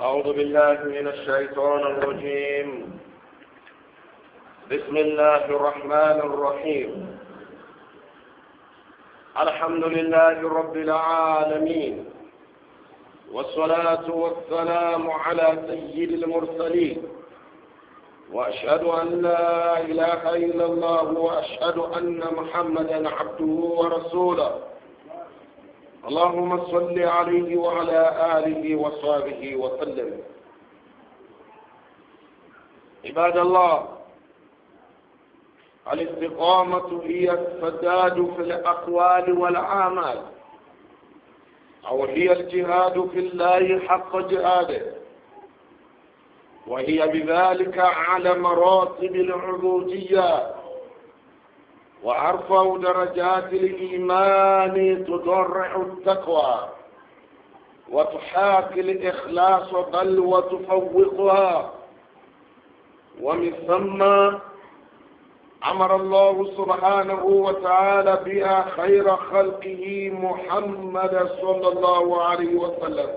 أعوذ بالله من الشيطان الرجيم بسم الله الرحمن الرحيم الحمد لله رب العالمين والصلاة والسلام على سيد المرسلين وأشهد أن لا إله إلا الله وأشهد أن محمدا عبده ورسوله اللهم صل عليه وعلى آله وصحبه وسلم عباد الله الاستقامة هي السداد في الأقوال والأعمال أو هي الجهاد في الله حق جهاده وهي بذلك على مراتب العبودية وأرفع درجات الإيمان تضرع التقوى وتحاكي الإخلاص بل وتفوقها ومن ثم أمر الله سبحانه وتعالى بها خير خلقه محمد صلى الله عليه وسلم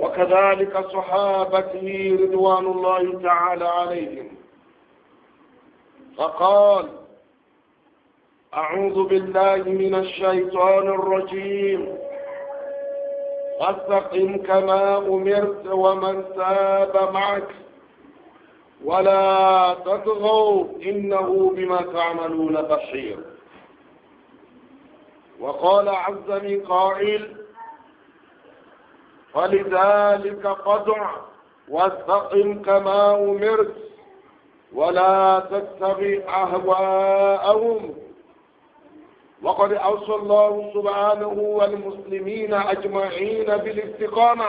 وكذلك صحابته رضوان الله تعالى عليهم فقال أعوذ بالله من الشيطان الرجيم فاستقم كما أمرت ومن تاب معك ولا تطغوا إنه بما تعملون بصير وقال عز من قائل فلذلك قدع واستقم كما أمرت ولا تتبع أهواءهم وقد أوصى الله سبحانه والمسلمين أجمعين بالاستقامة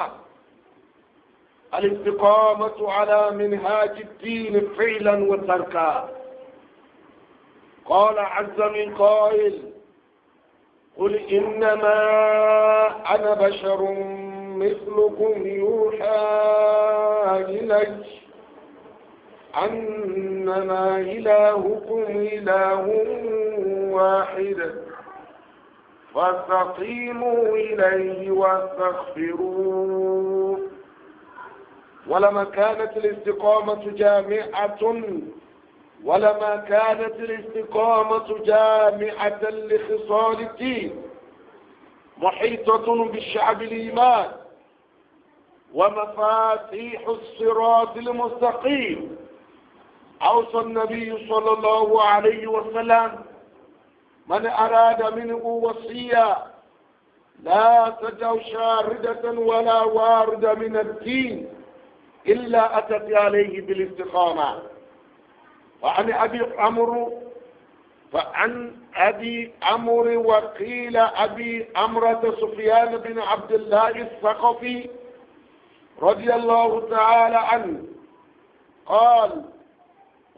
الاستقامة على منهاج الدين فعلا وتركا قال عز من قائل قل إنما أنا بشر مثلكم يوحى إليّ أنما إلهكم إله واحد فاستقيموا إليه واستغفروه ولما كانت الاستقامة جامعة ولما كانت الاستقامة جامعة لخصال الدين محيطة بالشعب الإيمان ومفاتيح الصراط المستقيم أوصى النبي صلى الله عليه وسلم من أراد منه وصية لا تدع شاردة ولا وارد من الدين إلا أتت عليه بالاستقامة وعن أبي عمرو فعن أبي عمرو وقيل أبي عمرة سفيان بن عبد الله الثقفي رضي الله تعالى عنه قال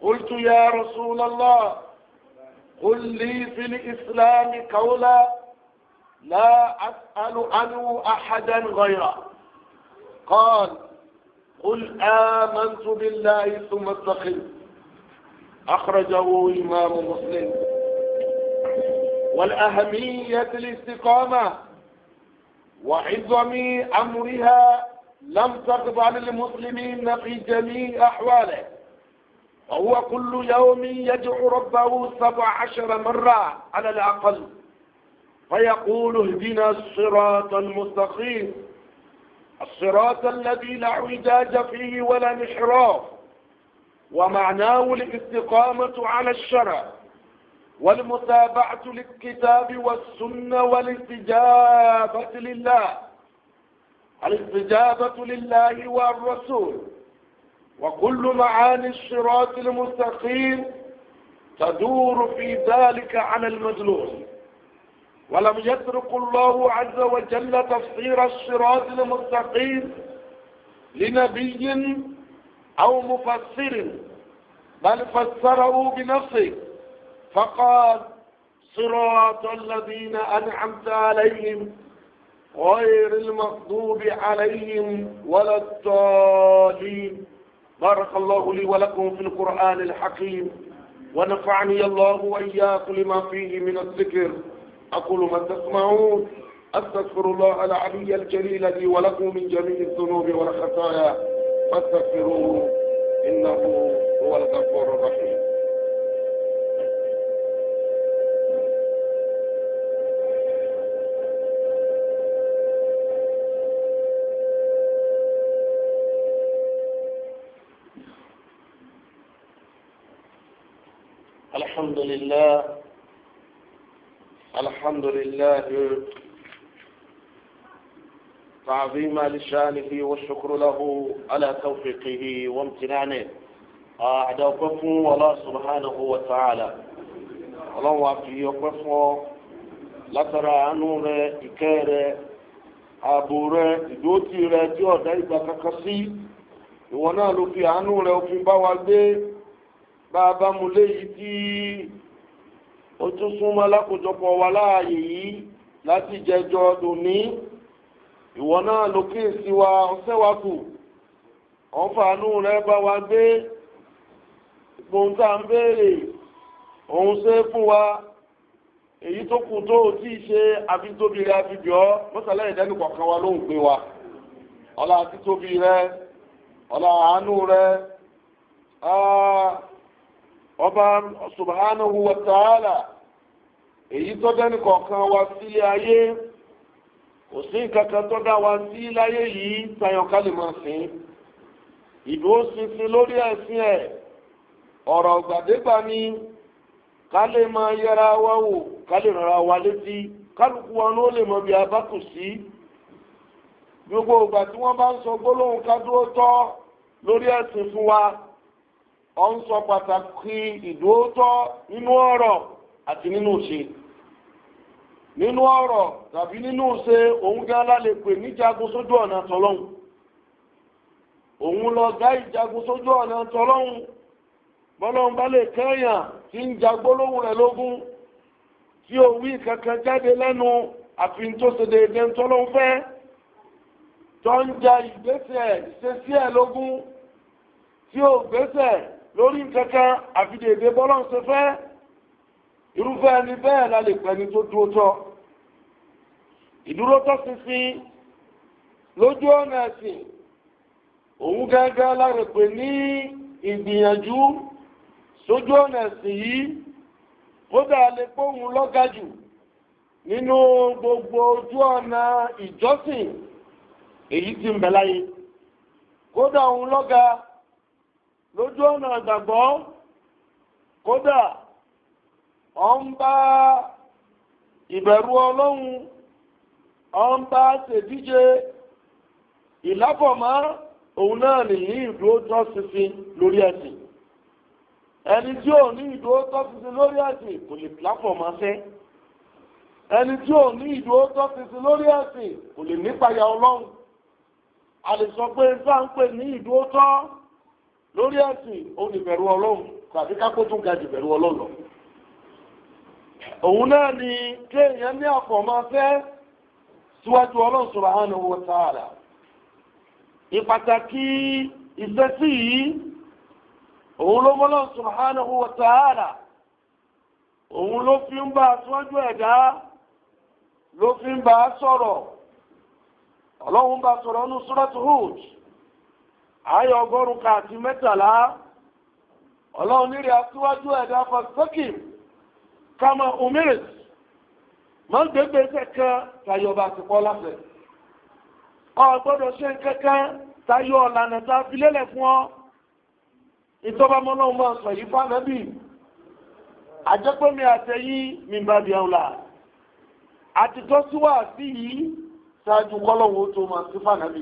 قلت يا رسول الله قل لي في الإسلام قولا لا أسأل عنه أحدا غيره قال قل آمنت بالله ثم استقم أخرجه إمام مسلم والأهمية الاستقامة وعظم أمرها لم تقبل المسلمين في جميع أحواله وهو كل يوم يدعو ربه سبع عشر مرة على الأقل فيقول اهدنا الصراط المستقيم الصراط الذي لا عجاج فيه ولا انحراف ومعناه الاستقامة على الشرع والمتابعة للكتاب والسنة والاستجابة لله الاستجابة لله والرسول وكل معاني الصراط المستقيم تدور في ذلك على المدلول ولم يترك الله عز وجل تفسير الصراط المستقيم لنبي أو مفسر بل فسره بنفسه فقال صراط الذين أنعمت عليهم غير المغضوب عليهم ولا الضالين بارك الله لي ولكم في القرآن الحكيم ونفعني الله وإياكم لما فيه من الذكر أقول ما تسمعون أستغفر الله العلي الجليل لي ولكم من جميع الذنوب والخطايا فاستغفروه إنه هو الغفور الرحيم الحمد لله الحمد لله تعظيما لشانه والشكر له على توفيقه وامتنانه àdá ọpẹ́ fún Allah subhanahu wa ta'ala Ọlọ́run wa fi ọpẹ́ fún ọ látara àánú rẹ ìkẹ́ rẹ ààbò rẹ ìdótì rẹ tí ọdá ìgbà kankan sí ìwọ náà ló fi àánú rẹ òfin bá wa gbé bàbá mu léyìí tí ó tún súnmọ́ lákòjọpọ̀ wa láàyè yìí láti jẹjọ dòní ìwọ náà ló kíyèsí wa ọsẹ wa kù ọ̀fàánú rẹ bá wa gbé gbòǹ tá à ń béèrè òun ṣe fún wa èyí tó kù tó o tí ì ṣe àfitóbi rẹ àfibì ọ mọ́sálẹ́ ìdẹ́nu kọ̀ọ̀kan wa ló ń gbé wa ọlá títóbi rẹ ọlá àánú rẹ. Ah, ọba subhanahu wa ta'ala èyí tó dẹ́ni kọ̀ọ̀kan wa sílé ayé kò sí nǹkankan tó dá wa sí láyé yìí tayọ kálímọ̀ sí ìdúró ṣinṣin lórí ẹ̀sìn ẹ̀ ọ̀rọ̀ gbàdégbà ni ká lè máa yẹra wa wò ká lè wa létí kálukú wa ló lè mọ bí a bá kù sí gbogbo ìgbà tí wọ́n bá ń sọ gbólóhùn ká dúró tọ́ lórí ẹ̀sìn fún wa ọ ń sọ pàtàkì ìdóótọ́ nínú ọ̀rọ̀ àti nínú ìṣe nínú ọ̀rọ̀ tàbí nínú ìṣe òun gánlá lè pè níjagun sójú ọ̀nà tọlọ́hun òun lọ gá ìjagun sójú ọ̀nà tọlọ́hun bọ́lọ́hun bá lè kẹ́yàn tí ń ja gbólóhùn rẹ̀ lógún tí ó wí kankan jáde lẹ́nu àfi tó ṣe déédéé tọ́lọ́hun fẹ́ tó ń ja ìgbésẹ̀ ìṣesí ẹ̀ lógún tí ó gbésẹ̀ lórí nǹkankan àfidèdè bọ́lọ́n ṣe fẹ́ irúfẹ́ ẹni bẹ́ẹ̀ la lè pẹ́ni tó dúró tọ́ ìdúró tọ́ ṣinṣin lójú ọ̀nà ẹ̀sìn òun gángan lára pè ní ìgbìyànjú sójú ọ̀nà ẹ̀sìn yìí kódà lè gbóhùn lọ́gà jù nínú gbogbo ojú ọ̀nà ìjọsìn èyí tí ń bẹ láyé kódà òun lọ́gà jù lójú ọ̀nà àgbàgbọ́ kódà ọ ń bá ìbẹ̀rù ọlọ́run ọ ń bá ṣèdíje ìlábọ̀mọ́ òun náà nìyí ìdúró tọ́ sísin lórí ẹ̀sìn ẹni tí ò ní ìdúró tọ́ sísin lórí ẹ̀sìn kò lè láfọ̀mọ́ fẹ́ ẹni tí ò ní ìdúró tọ́ sísin lórí ẹ̀sìn kò lè nípayà ọlọ́run a lè sọ pé sáà ń pè ní ìdúró tọ́ lórí ẹ̀sìn olùbẹ̀rù ọlọ́run tàbí kápó tún ga jù bẹ̀rù ọlọ́run lọ. òun náà ni kéèyàn ní ọ̀pọ̀ máa fẹ́ síwájú ọlọ́run subhanahu wa ta'ala. ìpàtàkì ìṣesí yìí òun ló mọ́lọ́ subhanahu wa ta'ala. òun ló fi ń bá ẹ̀dá ló fi ń bá a sọ̀rọ̀ ọlọ́run bá sọ̀rọ̀ nínú ayọ̀ ọgọ́rùn ká àti mẹ́tàlá ọlọ́run nírí aṣíwájú ẹ̀dá fọ́sọ́kì kama umiris máa ń gbégbé kẹ́kẹ́ tayọba ti pọ́ láfẹ̀ ọ gbọ́dọ̀ ṣe kẹ́kẹ́ tayọ ọ̀lànà tá a fi lélẹ̀ fún ọ ìtọ́ba mọ́lọ́run máa sọ yìí fáfẹ́bì àjẹpẹ́mi àtẹ̀yí mímbàbí ọ̀la àtìtọ́síwá sí yìí ṣáájú kọ́lọ́wọ́ tó máa sí fáfẹ́bì.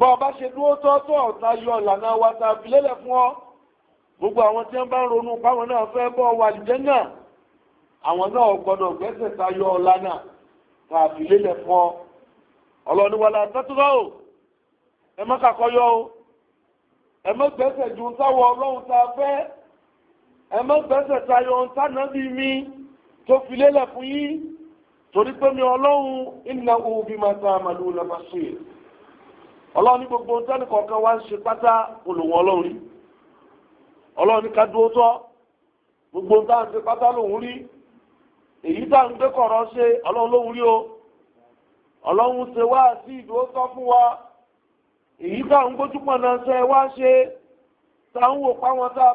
bọ́ ọba ṣe dúró tọ́tọ́ ọ̀tá yọ ọ̀lànà wa ta fi lélẹ̀ fún ọ gbogbo àwọn tí wọ́n bá ń ronú páwọn náà fẹ́ bọ́ wà lìjẹ́ náà àwọn náà gbọ́dọ̀ gbẹ́sẹ̀ ta yọ ọ̀lànà ta fi lélẹ̀ fún ọ ọlọ́niwàlá tẹ́túrọ́ o ẹ má kàkọ́yọ́ o ẹ má gbẹ́sẹ̀ ju táwọn ọlọ́run ta fẹ́ ẹ má gbẹ́sẹ̀ ta yọ ohun tánàbí mi tó fi lélẹ̀ fún yín torí pé mi ọlọ́run innahu bima ta'maluna basir ọlọ́run gbogbo ohun tẹ́nì kọ̀ọ̀kan wá ń ṣe pátá olùwọ́n ọlọ́run rí ká dúró tọ́ gbogbo ohun táwọn ṣe pátá lòun rí èyí táwọn gbé kọ̀ọ̀rọ̀ ṣe ọlọ́run lòun rí o ọlọ́run ṣe wá sí ìdúró tọ́ fún wa èyí gbójú pọ̀ náà ṣe wá ṣe wò pa wọn tá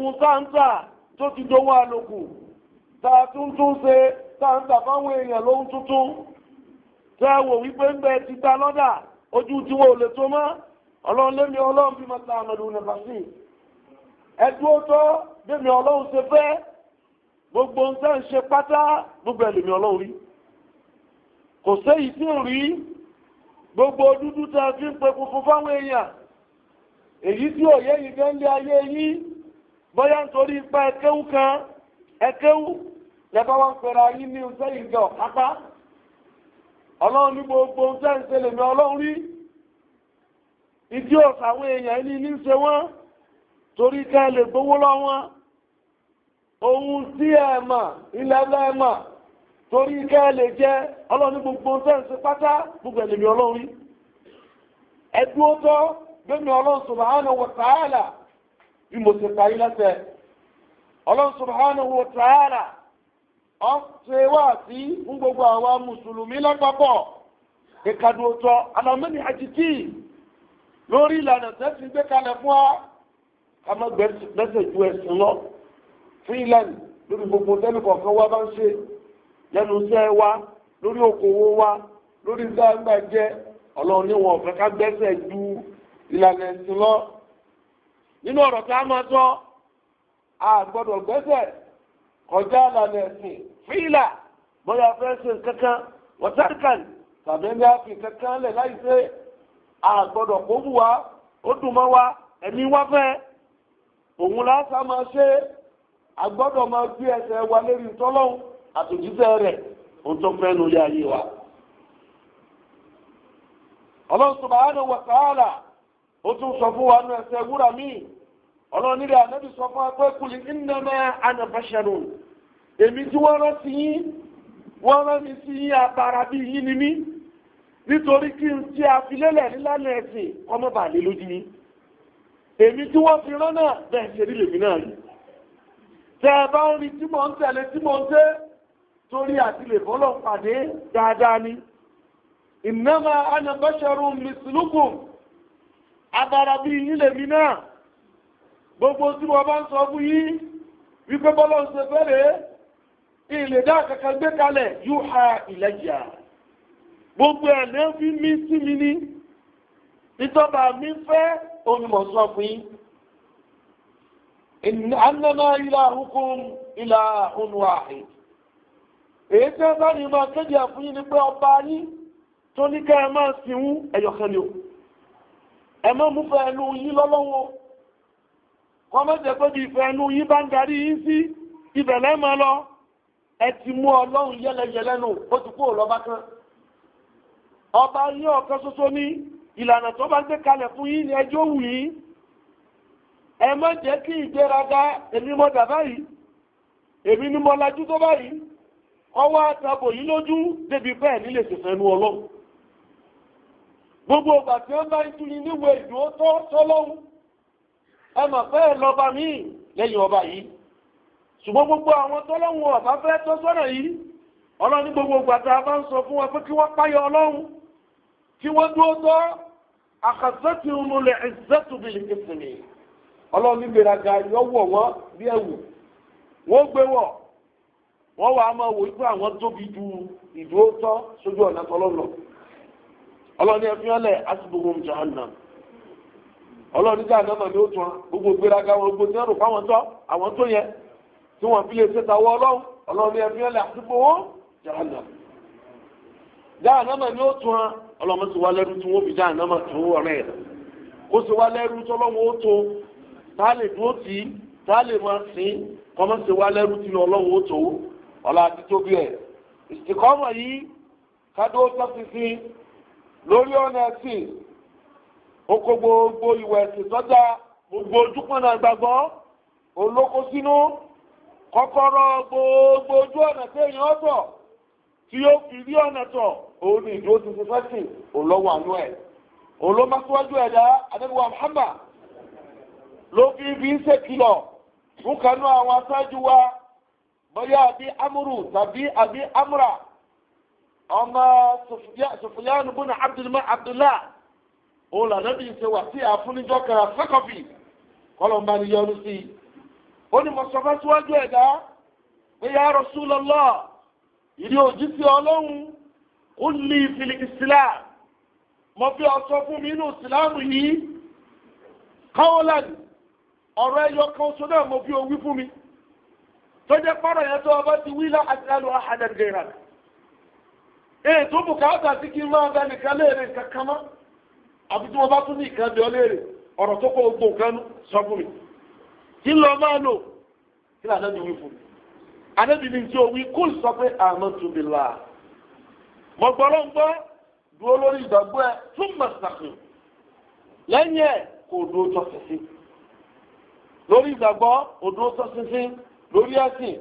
wọ́n tó ti dówó àlòkù tá a tún tún ṣe tá a ń tà fáwọn èèyàn lóhun tuntun tá a wò wípé ń bẹ títa lọ́dà ojú tí wọn ò lè tó mọ́ ọlọ́run lémi ọlọ́run bí mọ́ta àmọ́dún nípa sí i ẹdú ọtọ́ lémi ọlọ́run ṣe fẹ́ gbogbo ń tẹ́ ń ṣe pátá gbogbo ẹ̀ ọlọ́run rí kò séyìí tí ń rí gbogbo dúdú tá fi ń pe funfun fáwọn èèyàn èyí tí òye yìí gẹ́ńdé ayé yìí bóyá nítorí ipa ẹkẹ́wù kan ẹkẹ́wù lẹ́bàá wọn pẹ̀rẹ̀ ayé ní iṣẹ́ ìjọ kápá ọlọ́run ní gbogbo iṣẹ́ ìṣẹ̀lẹ̀ mi ọlọ́run rí ìdí ọ̀sà àwọn èèyàn ní ní ṣe wọ́n torí ká lè gbowó lọ́wọ́ ohun tí ẹ mọ̀ ilẹ̀ ẹ mọ̀ torí ká lè jẹ́ ọlọ́run ní gbogbo iṣẹ́ ìṣe pátá gbogbo ẹ̀lẹ́mi ọlọ́run rí ẹ̀dúrótọ́ gbẹ̀mí ọlọ́run subhanahu wa ta'ala bí mo ṣe parí lẹ́sẹ̀ ọlọ́run subhanahu wa ta'ala ṣe wá sí fún gbogbo àwọn mùsùlùmí lápapọ̀ ìkàdùntọ̀ alamọ́ni àjìtì lórí ìlànà tẹ́sí gbé kalẹ̀ fún wa ká má gbẹ́sẹ̀ ju ẹ̀sìn lọ freeland lórí gbogbo tẹ́lẹ̀ kọ̀ọ̀kan wa bá ń ṣe lẹ́nu iṣẹ́ wa lórí okòwò wa lórí gbàgbà jẹ́ ọlọ́run ní ọ̀fẹ́ ká gbẹ́sẹ̀ ju ìlànà ẹ̀sìn nínú ọ̀rọ̀ tí a máa sọ àgbọ̀dọ̀ gbẹ́sẹ̀ kọjá àlànà ẹ̀sìn fílà bóyá fẹ́ ṣe kankan wọ́tárìkàn tàbí ẹni àfi kankan lẹ̀ láì ṣe àgbọ̀dọ̀ kó wù wá ó dùn mọ́ wa ẹ̀mí wá fẹ́ òun lásà máa ṣe àgbọ̀dọ̀ máa gbé ẹsẹ̀ wa lérí tọ́lọ́hún àtòjíṣẹ́ rẹ̀ òun tó fẹ́ nu ilé ayé wa. Allah subhanahu wa ta'ala ó tún sọ fún wa nu ẹsẹ̀ wúrà míì ọlọ́run nílẹ̀ ànábì sọ fún apẹ́ kùlì innama ana basharun èmi tí wọ́n rán sí yín wọ́n rán mi sí yín abara bí yín ni mí nítorí kí n tí a fi lélẹ̀ nílànà ẹ̀sìn kọ́mọ́bà lé lójú yín èmi tí wọ́n fi rán náà bẹ́ẹ̀ ṣe rí lèmi náà rí tẹ́ ẹ bá ń rí tí mò ń tẹ̀lé tí mò ń tẹ́ torí àti lè bọ́lọ̀ pàdé dáadáa ni innama ana basharun mislukum bí yín lèmi náà gbogbo tí wọ́n bá ń sọ fún yí wípé bọ́lọ̀ ń ṣe fẹ́rẹ̀ ilẹ̀ dá kankan gbé kalẹ̀ yóò ha ìlẹ́yà gbogbo ẹ̀ lẹ́ fi mí sí mi ní ìtọ́ba mi fẹ́ onímọ̀ sọ fún yín annama ilahukum ilahun wahid èyí tí bá ní máa kéde àfún ni pé ọba yín tó ní ká ẹ máa sìn ẹyọkan ni o ẹ má mú fẹ́ ẹnu yín lọ́lọ́wọ́ wọ́n mọ́jẹ́ pé bí ìfẹ́ ẹnu yí bá ń darí yí sí ibẹ̀lẹ́ mọ́ lọ ẹ ti mú ọlọ́run yẹ́lẹ́yẹ́lẹ́ nù ó ti kúrò lọ́ba kan ọba ní ọ̀kan ṣoṣo ní ìlànà tó bá gbé kalẹ̀ fún yín ni ẹjọ́ wù yín ẹ má jẹ́ kí ìgbéraga èmi mọ́ dà báyìí èmi ni mo lajú tó báyìí ọwọ́ àtàbò yìí lójú débi bẹ́ẹ̀ nílé ṣẹ̀ṣẹ̀ ẹnu ọlọ́run gbogbo ọgbà tí wọ́n bá ń tún ní níwèé ìdúró tó tọ́lọ́run ẹ mọ̀ pé ẹ lọ́ba míì lẹ́yìn ọba yìí ṣùgbọ́n gbogbo àwọn tọ́lọ́hun ọ̀bá fẹ́ tọ́ sọ́nà yìí ọlọ́run ní gbogbo gbàtà bá ń sọ fún wọn pé kí wọ́n páyọ ọlọ́run kí wọ́n dúró tọ́ àkàtúntì ìmúlẹ̀ ìzẹ́tùbìlì ìsinmi ọlọ́run ní gbèrágà yọ̀wọ̀ wọn bí ẹ̀wù wọ́n gbé wọ̀ wọ́n jahannam ọlọ́run nígbà náà ni ó tún gbogbo gbéraga wọn gbogbo tí wọ́n rò fáwọn tó àwọn tó yẹ tí wọ́n fi lè ṣe tàwọ́ ọlọ́run ọlọ́run ẹ̀mí ọ̀lẹ́ àdúgbò wọn jàǹdà jàǹdà ni ó tún ọlọ́run ti wá lẹ́rú tí wọ́n fi jàǹdà tó ọ̀rẹ́ ẹ̀ ó sì wá lẹ́rú tọ́lọ́wọ́ ó tó tá a lè dúró tì í tá a lè máa sìn kọ́mọ́ sì wá lẹ́rú tí ọlọ́run ó tó ọlá àti tóbi ẹ̀ oko gbogbo ìwẹ̀ ẹ̀sìn sọ́jà gbogbo ojúpọ̀nà ìgbàgbọ́ olóko sínú kọ́kọ́rọ́ gbogbo ojú ọ̀nà tí èèyàn ọ̀tọ̀ tí yóò fi rí ọ̀nà tọ̀ òun ni ìdúró ti fi fẹ́sìn òun lọ́wọ́ àánú ẹ̀ òun ló máa síwájú ẹ̀dá adébíwá Muhammad ló fi ibi ń ṣèkìlọ̀ fún kanú àwọn aṣáájú wa bóyá àbí amúrù tàbí àbí amúra ọmọ Sufyan bùnà Abdullah òun lànàbí ṣe wà sí àfúnijọ́ kan sẹ́kọ̀fì kọlọ̀mbà ni yọnu sí ó ní síwájú ya Rasulullah ìdí òjì sí ọlọ́run ó ní ìfìlì ìsìlá fi fún mi inú ìsìláàmù yìí káwọlán ọ̀rọ̀ kan oṣù náà fi owí fún mi tó jẹ́ pọ́nrọ̀ yẹn tó ọba ti wí lá àti ètò bùkátà sí kí n máa bẹ nìkan léèrè àti tí wọ́n bá tún ní ìkan bí ọlẹ́rẹ̀ ọ̀rọ̀ tó kọ́ ogbò kan sọ fún mi kí lọ máa lò kí lọ àdébì wí fún mi àdébì tí o wí kúl sọ pé àmọ́ tún bí la mo gbọ́ ló ń gbọ́ dúró lórí ìdàgbọ́ ẹ tún mọ̀ sàkùn lẹ́yìn ẹ̀ kò dúró tọ́ sísí lórí ìgbàgbọ́ òdúró tọ́ sísí lórí ẹ̀sìn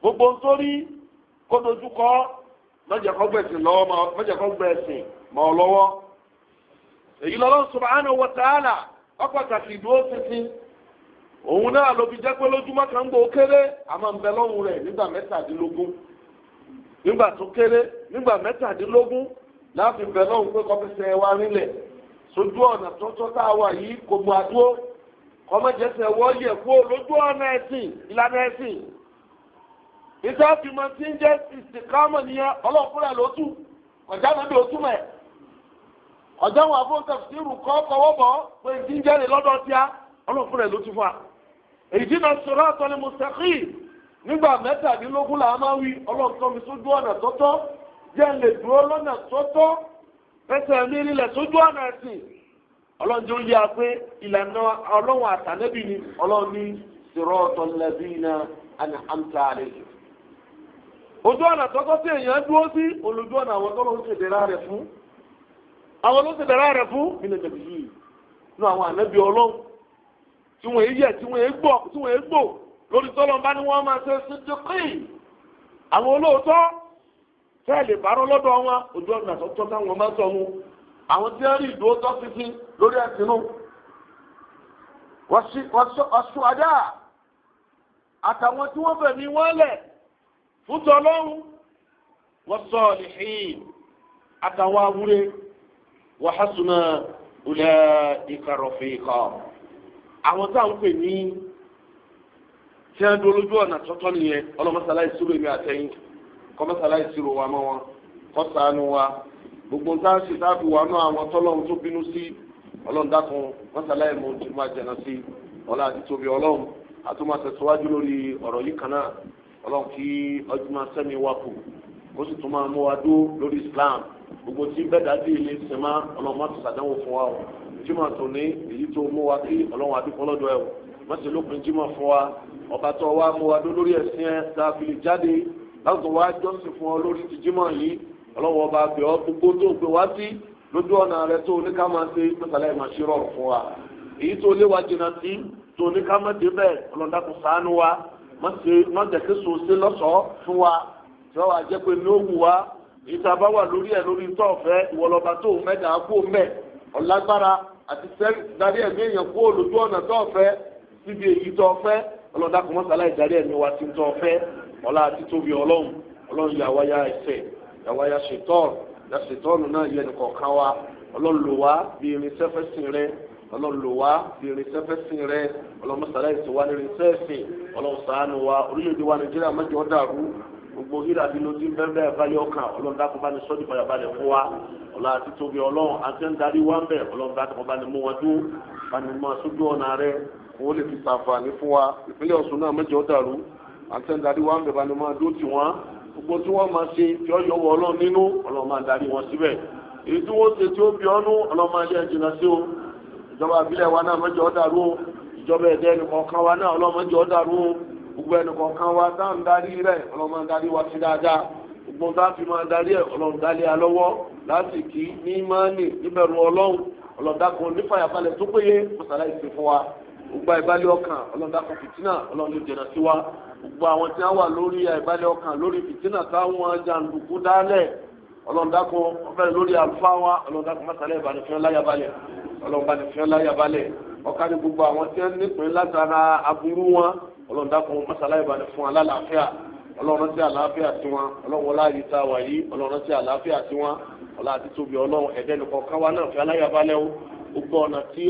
gbogbo ń sórí kó dojúkọ mọ̀jẹ̀kọ́ gbẹ̀sìn lọ́wọ́ mọ̀jẹ̀kọ́ gbẹ̀sìn mọ̀ lọ́wọ́. èyí lọ́lọ́run subhanahu wa ta'ala ọ̀pàtàkì ìdúró tuntun òun náà ló fi jẹ́ pé lójúmọ́ kan gbòó kéré àmọ́ ń bẹ lọ́hùn rẹ̀ nígbà mẹ́tàdínlógún nígbà tó kéré nígbà mẹ́tàdínlógún láti bẹ lọ́hùn pé wa sójú ọ̀nà tá a wà yìí kò yẹ kó lójú ọ̀nà ẹ̀sìn ìlànà ẹ̀sìn tí ń jẹ́ ìsìnkámọ̀ nìyẹn ọ̀já ọjọ́ wọn àfọwọ́n tẹ̀síìrù kọ́ fọwọ́bọ̀ pé ti jẹ́rìí lọ́dọ̀ tíá ọlọ́fun rẹ̀ ló ti náà sọ̀rọ̀ nígbà mẹ́tàdínlógún máa wí mi sójú ọ̀nà tọ́tọ́ jẹ́ lè dúró lọ́nà tọ́tọ́ mi nílẹ̀ sójú ọ̀nà ọlọ́njẹ́ ó pé ìlànà ọlọ́run ni sọ̀rọ̀ àná ojú ọ̀nà tọ́tọ́ sí èèyàn dúró sí olùdó ọ̀nà àwọn tọ́lọ́ ń àwọn ló ti bẹ̀rẹ̀ rẹ̀ fún nínú ìjẹ̀bù yìí nínú àwọn ànábì ọlọ́run tí wọ́n yẹ tí wọ́n gbọ́ tí wọ́n gbò lórí tọ́lọ́mbá ni wọ́n máa ṣe sídìkì àwọn olóòótọ́ tẹ́ẹ̀lì bárọ́ lọ́dọ̀ wọn ojú ọ̀nà àtọ́tọ́ táwọn máa sọ wọn àwọn tí wọ́n rí ìdúró tọ́ fífi lórí ẹ̀sìn nù wọ́n adá àtàwọn tí wọ́n fẹ̀mí wọ́n lẹ̀ fún tọ́lọ́run wọ́n sọ ọ̀lẹ́hìn àtàwọn awúrẹ́ وحسن أولئك رفيقا àwọn tá à ń pè ní tí wọ́n dúró lójú ọ̀nà tọ́tọ́ nìyẹn ọlọ́mọsálá ìṣirò èmi àtẹ̀yìn kọ́mọsálá ìṣirò wa mọ́ wọn kọ́sàánú wa gbogbo nǹkan ṣe táàbù wa náà àwọn tọ́lọ́run tó bínú sí ọlọ́run mọ́sálá ìmọ̀ tí mo jẹ̀nà sí ọlá àti ọlọ́run àtúmọ̀ lórí ọ̀rọ̀ yìí kan náà ọlọ́run kí ọjọ́ gbogbo tí bẹ́ẹ̀dá bí ilé sẹ́mà ọlọ́mọ tó sàdánwò fún wa o jimá tó ní èyí tó mú wa kí ọlọ́run àdúgbò lọ́dọ̀ ẹ̀ o mọ̀tí lópin jimá fún wa ọba tó wa mú wa dó lórí ẹ̀sìn ẹ̀ tá a fi lè jáde láwùjọ wa jọ́sìn fún ọ lórí ti jimá yìí ọlọ́run ọba bẹ̀ ọ́ gbogbo tó gbé wá sí lójú ọ̀nà rẹ tó ní ká máa ṣe mọ́tàlá ẹ̀ máa ṣe rọrùn fún wa èyí tó lé wa jìnnà sí tó ní ká má dé bẹ́ẹ̀ ọlọ́dà kò sàánú wa mọ̀tí mọ̀tẹ̀kẹ́sọ̀ ṣe lọ́sọ̀ọ́ ìtàbá wà lórí ẹ̀ lórí tọ́ọ̀fẹ́ ìwọlọ́ba tó mẹ́ta kó mẹ́ ọ̀lágbára àti darí ẹ̀mí èèyàn kó olójú ọ̀nà tọ́ọ̀fẹ́ síbi èyí tọ́ọ̀fẹ́ ọlọ́dà kò mọ́sálá ìdarí ẹ̀mí wa ti tọ́ọ̀fẹ́ ọlá àti tóbi ọlọ́run ọlọ́run yàwá ya ẹsẹ̀ yàwá ya ṣètọ́ọ̀nù ya ṣètọ́ọ̀nù náà yẹ nìkọ̀ọ̀kan wa ọlọ́run lò wá bí irinṣẹ́ fẹ́ sìn gbogbo hílà bí ló ti ń bẹ́ẹ̀ bẹ́ẹ̀ balẹ̀ ọkàn ọlọ́run dákun bá ní sọ́ọ́dì padà balẹ̀ fún wa ọlọ́run àti tóbi ọlọ́run àti ń darí wá ń bẹ̀ ọlọ́run dákun bá ní mú wọn dún bá ní mú aṣojú ọ̀nà rẹ owó lè fi ṣàǹfààní fún wa ìpínlẹ̀ Ọ̀ṣun náà mẹ́jọ dàrú àti ń darí wá ń bẹ̀ bá ní mú adún tì wọ́n gbogbo tí wọ́n máa ṣe tí ó wọ ọlọ́run nínú ọlọ́run máa gbogbo ẹnìkọ̀ọ̀kan wa tá à ń darí rẹ̀ ọlọ́mọ darí wa sí dáadáa gbogbo tá a fi máa darí ẹ̀ ọlọ́run darí a lọ́wọ́ lásìkí ní mánì níbẹ̀rù ọlọ́run ọlọ́dàkùn nífàyàbalẹ̀ tó péye mọ̀sálà ìsìn fún wa gbogbo àìbalẹ̀ ọkàn ọlọ́dàkùn fìtínà ọlọ́run jẹ̀nà sí wa gbogbo àwọn tí a wà lórí ọkàn lórí fìtínà táwọn jàǹdùkú dálẹ̀ lórí àlùfáà wa ọlọ́dàkùn mọ̀sálà ìbànúfẹ́ láyàbalẹ̀ ọlọ́dàkùn mọ̀sálà gbogbo ọlọ́run dákun mọ́sálá ìbàdàn fún alálàáfíà ọlọ́run tí àlàáfíà tiwọn ọlọ́run wọlá yìí tá a wà yìí ọlọ́run tí àlàáfíà tiwọn ọlá àti tóbi ọlọ́run ẹ̀dẹ́ nìkan káwa náà fi aláyàbalẹ̀ o gbogbo ọ̀nà tí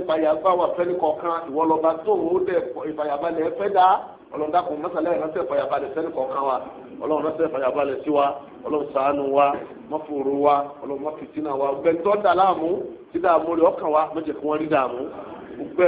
ìpayà bá wà fẹ́ nìkan kan ìwọ lọ́ba tó o dẹ̀ ìfàyàbalẹ̀ fẹ́ dáa ọlọ́run dákun mọ́sálá ìránṣẹ́ ìfàyàbalẹ̀ fẹ́ nìkan kan wa ọlọ́run ránṣẹ́ sí wa ọlọ́run ṣàánú wa mọ́fòrò wa ọlọ́run wa gbẹ̀ntọ́ dàlámù tí